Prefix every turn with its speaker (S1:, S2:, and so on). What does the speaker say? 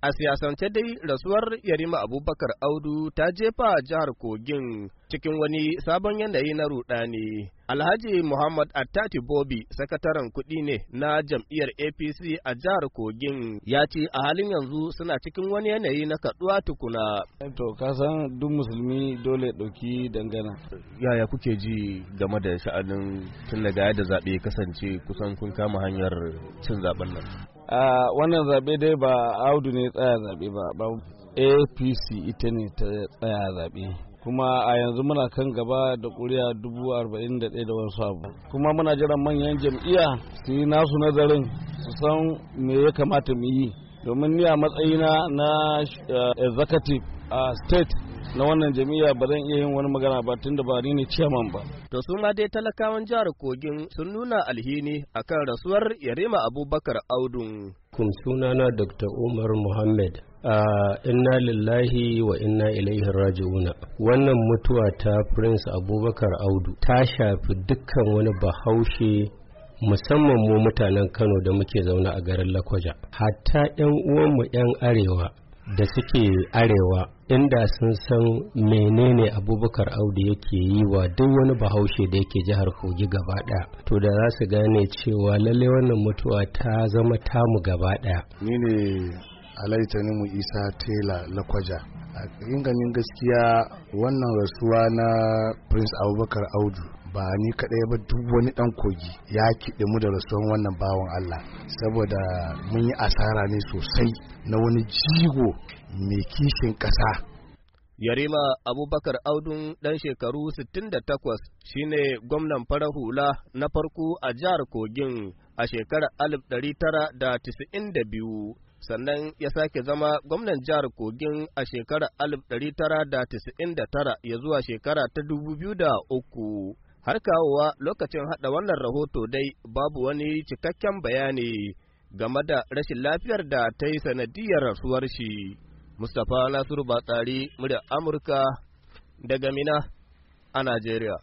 S1: A siyasance dai rasuwar Yarima Abubakar Audu ta jefa jihar Kogin cikin wani sabon yanayi na rudani. Alhaji Muhammad Attati Bobi, sakataren kuɗi ne na jam'iyyar APC a jihar Kogin, ya ce a halin yanzu
S2: suna cikin wani yanayi na kaduwa tukuna. To, kasan duk musulmi dole ɗauki dangana.
S1: Yaya kuke ji game da sha'anin tun daga yadda zaɓe kasance kusan kun kama hanyar cin zaɓen nan?
S2: wannan zaɓe dai ba audu ne tsaya zaɓe ba apc ita ne ta tsaya zaɓe kuma a yanzu muna kan gaba da kuri'a dubu arba'in da ɗaya da wasu abu kuma muna jiran manyan jam'iyya su yi nasu nazarin su san me ya kamata mu yi domin ni a matsayina na eh, executive a state na wannan jami'a ba zan iya yin wani magana ba tun da ba ni ne chairman ba. To su ma dai talakawan jihar
S1: Kogin sun nuna alhini akan rasuwar Yarima Abubakar Audun.
S3: Kun na Dr. Umar Muhammad. a inna lillahi wa inna ilaihi raji'una wannan mutuwa ta prince abubakar audu ta shafi dukkan wani bahaushe musamman mu mutanen kano da muke zauna a garin lakwaja hatta 'yan uwanmu 'yan arewa da suke arewa inda sun san menene abubakar audu yake yi wa duk wani bahaushe da yake jihar kogi gaba daya to da za su gane cewa lalle wannan mutuwa ta zama tamu gaba ɗaya
S4: ni ne alaitanimu isa tela lakwaja a inganin gaskiya wannan rasuwa na prince abubakar audu ba ni kaɗai ba duk wani ɗan kogi ya kiɗe mu da rasuwan wannan bawan Allah saboda mun yi asara ne sosai na wani jigo mai kishin ƙasa.
S1: Yarima Abubakar Audun ɗan shekaru 68 shine gwamnan fara hula na farko a jihar Kogin a shekarar 1992 sannan ya sake zama gwamnan jihar Kogin a shekarar 1999 ya zuwa shekara ta 2003. Har kawowa lokacin haɗa wannan rahoto dai babu wani cikakken bayani game da rashin lafiyar da ta yi sanadiyar rasuwar shi. Mustapha Nasiru Batsari, murya Amurka daga Mina a Najeriya.